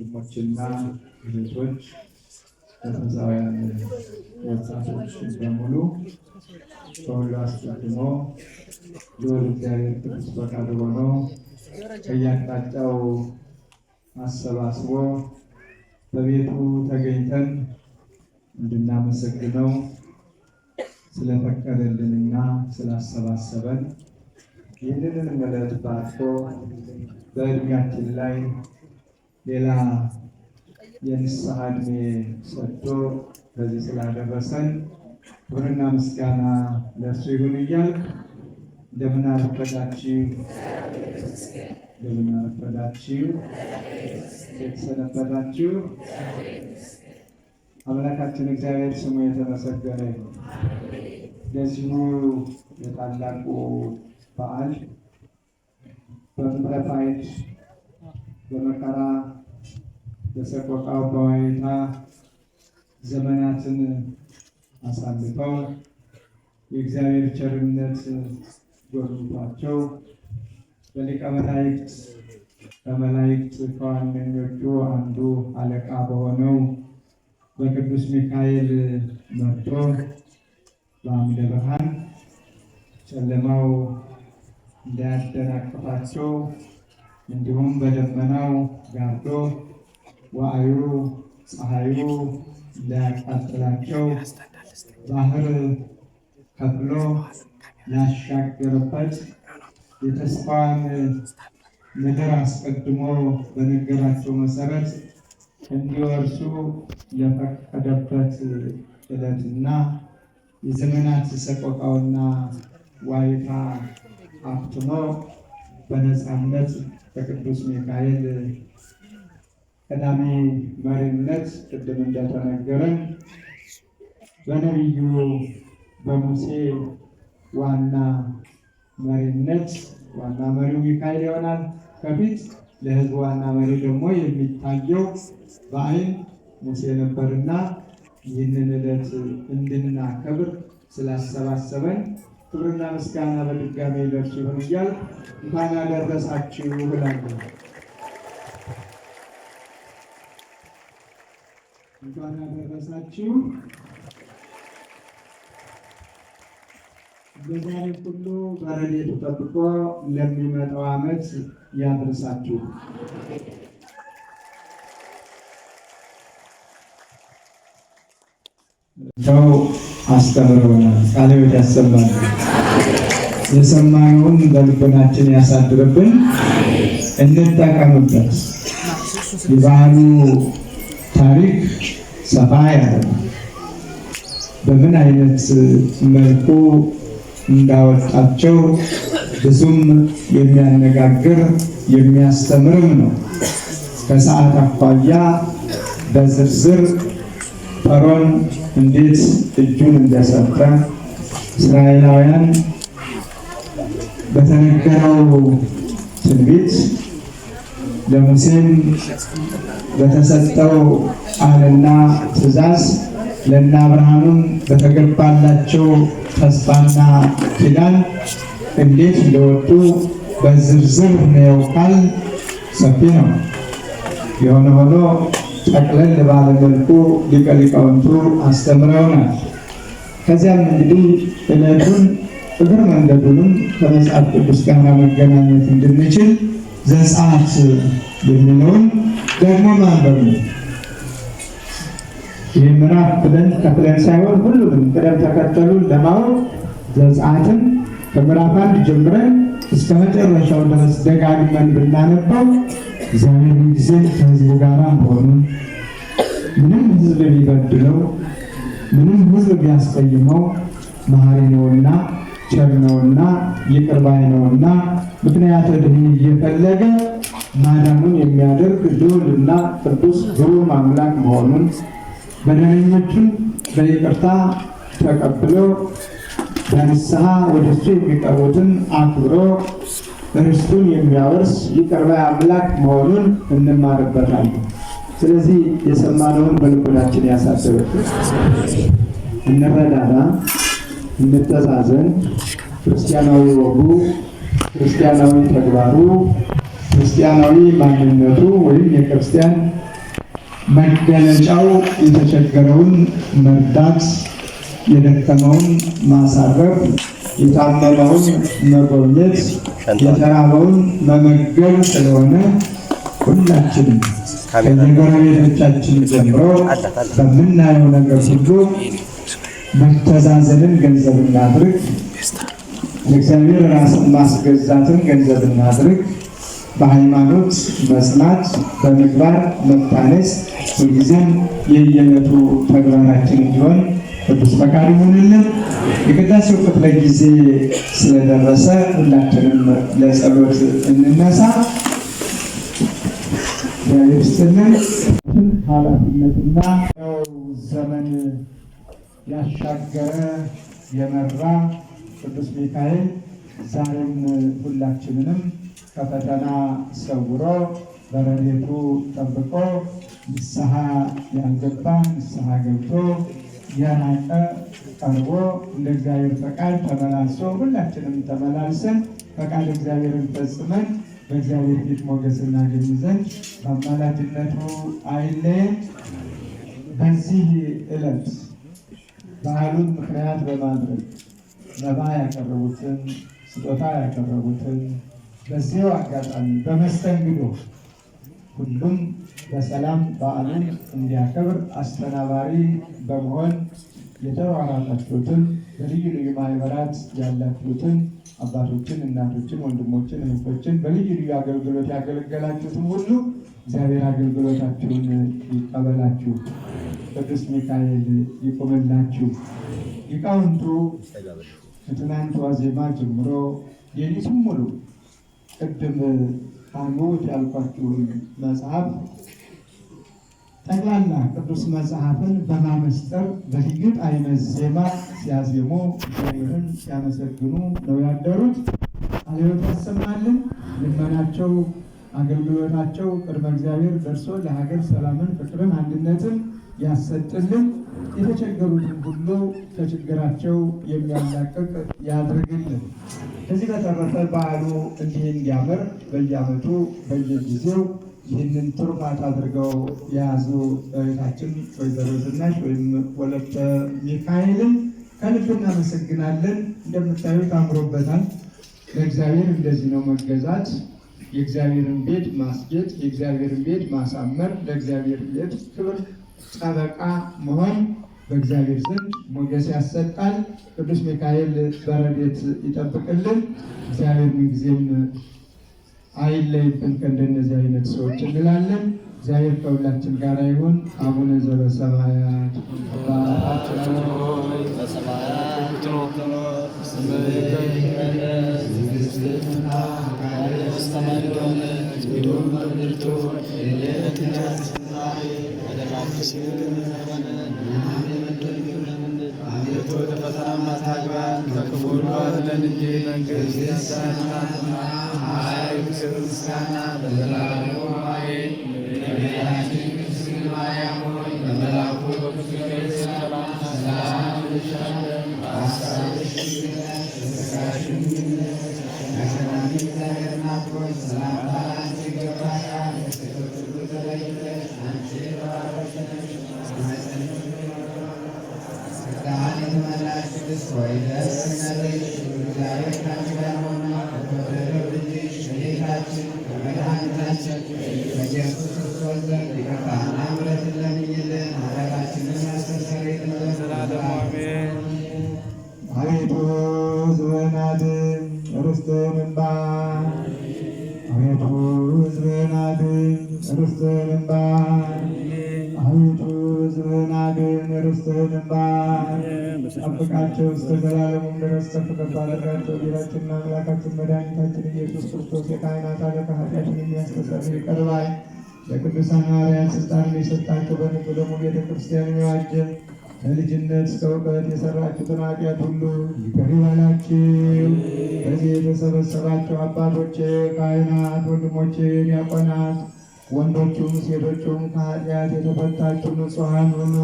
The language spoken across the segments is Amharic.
ወንድሞችና እህቶች ተፈሳውያን ወጣቶች በሙሉ በሁሉ አስቀድሞ ልዑል እግዚአብሔር ቅዱስ ፈቃዱ ሆኖ ከያቅጣጫው አሰባስቦ በቤቱ ተገኝተን እንድናመሰግነው ስለፈቀደልንና ስላሰባሰበን ይህንን ዕለት ባርኮ በእድሜያችን ላይ ሌላ የንስሐ እድሜ ሰጥቶ በዚህ ስላደረሰን ክብርና ምስጋና ለእሱ ይሁን እያልክ እንደምን አረፈዳችሁ፣ እንደምን አረፈዳችሁ የተሰነበታችሁ አምላካችን እግዚአብሔር ስሙ የተመሰገነ ይሁን። ለዚሁ የታላቁ በዓል በምሕረት በመከራ በሰቆቃው በዋይታ ዘመናትን አሳልፈው የእግዚአብሔር ቸርነት ጎብኝቷቸው በሊቀ መላእክት ከመላእክት ከዋነኞቹ አንዱ አለቃ በሆነው በቅዱስ ሚካኤል መርቶ በአምደ ብርሃን ጨለማው እንዳያደናቅፋቸው እንዲሁም በደመናው ጋርዶ ዋዩ ፀሐዩ ሊያቃጥላቸው ባህር ከፍሎ ያሻገረበት የተስፋን ምድር አስቀድሞ በነገራቸው መሰረት እንዲወርሱ የፈቀደበት ዕለትና የዘመናት ሰቆቃውና ዋይታ አፍትሞ በነፃነት በቅዱስ ሚካኤል ቀዳሚ መሪነት ቅድም እንደተነገረን በነቢዩ በሙሴ ዋና መሪነት ዋና መሪው ሚካኤል ይሆናል ከፊት ለህዝብ ዋና መሪ ደግሞ የሚታየው በአይን ሙሴ ነበርና ይህንን ዕለት እንድናከብር ስላሰባሰበን ክብርና ምስጋና በድጋሚ ለእርሱ ይሁን እያል እንኳን ያደረሳችሁ ብላለሁ። እንኳን ያደረሳችሁ። በዛሬ ሁሉ በረድኤቱ ጠብቆ ለሚመጣው ዓመት ያደርሳችሁ። ሰው አስተምረውናል፣ ቃለ ሕይወት ያሰማል። የሰማነውን በልቦናችን ያሳድርብን፣ እንጠቀምበት። የባህሉ ታሪክ ሰፋ ያለ በምን አይነት መልኩ እንዳወጣቸው ብዙም የሚያነጋግር የሚያስተምርም ነው። ከሰዓት አኳያ በዝርዝር ፈርዖን እንዴት እጁን እንደሰጠ እስራኤላውያን በተነገረው ትንቢት ለሙሴን በተሰጠው ቃልና ትእዛዝ ለእነ አብርሃምም በተገባላቸው ተስፋና ኪዳን እንዴት እንደወጡ በዝርዝር ነው ቃል ሰፊ ነው። የሆነ ሆኖ ጠቅለል ባለ መልኩ ሊቀ ሊቃውንቱ አስተምረውናል። ከዚያም እንግዲህ እለቱን እግር መንገዱንም ከመጽሐፍ ቅዱስ ጋር መገናኘት እንድንችል ዘጸአት የሚለውን ደግሞ ማንበብ ነው። ይህ ምዕራፍ ብለን ከፍለን ሳይሆን ሁሉንም ቅደም ተከተሉን ለማወቅ ዘጸአትን ከምዕራፍ አንድ ጀምረን እስከ መጨረሻው ድረስ ደጋግመን ብናነባው እግዚአብሔር ምንጊዜም ከሕዝቡ ጋር መሆኑን ምንም ህዝብ ቢበድለው ምንም ህዝብ ቢያስቀይመው መሐሪ ነውና ቸር ነውና ይቅር ባይ ነውና ምክንያት ዕድሜ እየፈለገ ማዳኑን የሚያደርግ ልዑልና ቅዱስ ብሩም አምላክ መሆኑን በደለኞቹን በይቅርታ ተቀብሎ በንስሐ ወደ እሱ የሚቀርቡትን አክብሮ ርስቱን የሚያወርስ ይቅር ባይ አምላክ መሆኑን እንማርበታለን። ስለዚህ የሰማነውን በልቦናችን ያሳስብብን፣ እንረዳዳ እንተዛዘን። ክርስቲያናዊ ወጉ፣ ክርስቲያናዊ ተግባሩ፣ ክርስቲያናዊ ማንነቱ ወይም የክርስቲያን መገለጫው የተቸገረውን መርዳት፣ የደከመውን ማሳረፍ፣ የታመመውን መጎብኘት፣ የተራበውን መመገብ ስለሆነ ሁላችንም ከጎረቤቶቻችን ጀምሮ በምናየው ነገር ሁሉ መተዛዘንን ገንዘብ እናድርግ። ለእግዚአብሔር ራስን ማስገዛትን ገንዘብ እናድርግ። በሃይማኖት መጽናት፣ በምግባር መታነስ ሁልጊዜም የየዕለቱ ተግባራችን እንዲሆን ቅዱስ ፈቃድ ይሆንልን። የቅዳሴው ክፍለ ጊዜ ስለደረሰ ሁላችንም ለጸሎት እንነሳ። ያብስትልን ኃላፊነትና ዘመን ያሻገረ የመራ ቅዱስ ሚካኤል ዛሬም ሁላችንንም ከፈተና ሰውሮ በረድኤቱ ጠብቆ ንስሐ ያልገባ ንስሐ ገብቶ የራቀ ቀርቦ እንደ እግዚአብሔር ፈቃድ ተመላልሶ ሁላችንም ተመላልሰን ፈቃድ እግዚአብሔርን ፈጽመን በእግዚአብሔር ፊት ሞገስ እናገኝ ዘንድ በአማላጅነቱ አይለየን። በዚህ ዕለት ባህሉን ምክንያት በማድረግ ለባ ያቀረቡትን ስጦታ ያቀረቡትን በዚያው አጋጣሚ በመስተንግዶ ሁሉም በሰላም በዓሉን እንዲያከብር አስተናባሪ በመሆን የተሯራጣችሁትን በልዩ ልዩ ማህበራት ያላችሁትን አባቶችን፣ እናቶችን፣ ወንድሞችን፣ እህቶችን በልዩ ልዩ አገልግሎት ያገለገላችሁትን ሁሉ እግዚአብሔር አገልግሎታችሁን ይቀበላችሁ፣ ቅዱስ ሚካኤል ይቆመላችሁ። ሊቃውንቱ ከትናንት ዋዜማ ጀምሮ የሊቱም ሙሉ ቅድም አንብቡት ያልኳችሁን መጽሐፍ ጠቅላላ ቅዱስ መጽሐፍን በማመስጠር በድግጥ አይነት ዜማ ሲያዜሙ እግዚአብሔርን ሲያመሰግኑ ነው ያደሩት። አሌሎት ያሰማልን። ልመናቸው፣ አገልግሎታቸው ቅድመ እግዚአብሔር ደርሶ ለሀገር ሰላምን፣ ፍቅርን፣ አንድነትን ያሰጥልን። የተቸገሩትን ሁሉ ከችግራቸው የሚያላቅቅ ያድርግልን። ከዚህ በተረፈ በዓሉ እንዲህ እንዲያምር በየዓመቱ በየጊዜው ይህንን ትሩፋት አድርገው የያዙ እህታችን ወይዘሮ ዝናሽ ወይም ወለተ ሚካኤልን ከልብ እናመሰግናለን። እንደምታዩት አምሮበታል። ለእግዚአብሔር እንደዚህ ነው መገዛት፣ የእግዚአብሔርን ቤት ማስጌጥ፣ የእግዚአብሔርን ቤት ማሳመር፣ ለእግዚአብሔር ቤት ክብር ጠበቃ መሆን በእግዚአብሔር ዘንድ ሞገስ ያሰጣል። ቅዱስ ሚካኤል በረቤት ይጠብቅልን። እግዚአብሔር ምንጊዜም አይለይብን ከእንደነዚህ አይነት ሰዎች እንላለን። እግዚአብሔር ከሁላችን ጋር ይሁን። አቡነ ዘበሰማያት አባታችን ጉልባት ለልጅ መንግሥት የሰናትና ኃይል ምስጋና ለዘላለሙ አሜን። እመቤታችን ቅድስት ማርያም ሆይ በመልአኩ በቅዱስ ገብርኤል ሰላምታ ሰላም እልሻለሁ። በአሳብሽ ድንግል ነሽ፣ በሥጋሽም ድንግል ነሽ። የሰላም እግዚአብሔር እናት ሆይ ሰላምታ አንቺ ይገባሻል። ከሴቶች ሁሉ ተለይተሽ አንቺ የተባረክሽ ነሽ። በማኅፀንሽ ፍሬ የተመላሽ ቅድስት ሆይ Надя. ሕዝብህን አድን፣ ርስትህን እንባ ጠብቃቸው እስከ ዘላለሙም ድረስ ከፍ ከፍ አድርጋቸው። ጌታችንና አምላካችን መድኃኒታችን ኢየሱስ ክርስቶስ የካህናት አለቃ ኃጢአትን የሚያስተሰርይ ይቅር ባይ ለቅዱሳን ሐዋርያት ስልጣን የሰጣቸው በንጉ ደግሞ ቤተ ክርስቲያን የዋጀ ከልጅነት እስከ እውቀት የሰራችሁትን ኃጢአት ሁሉ ይቅር ይበላችሁ። በዚህ የተሰበሰባቸው አባቶቼ ካህናት፣ ወንድሞቼ ዲያቆናት ወንዶቹም ሴቶቹም ከኃጢአት የተፈታችሁ ንጹሐን ሁኑ።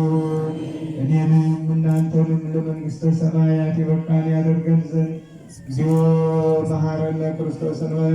እኔንም እናንተንም ለመንግሥተ ሰማያት የበቃን ያደርገን ዘንድ እግዚኦ መሐረነ ክርስቶስ ነው።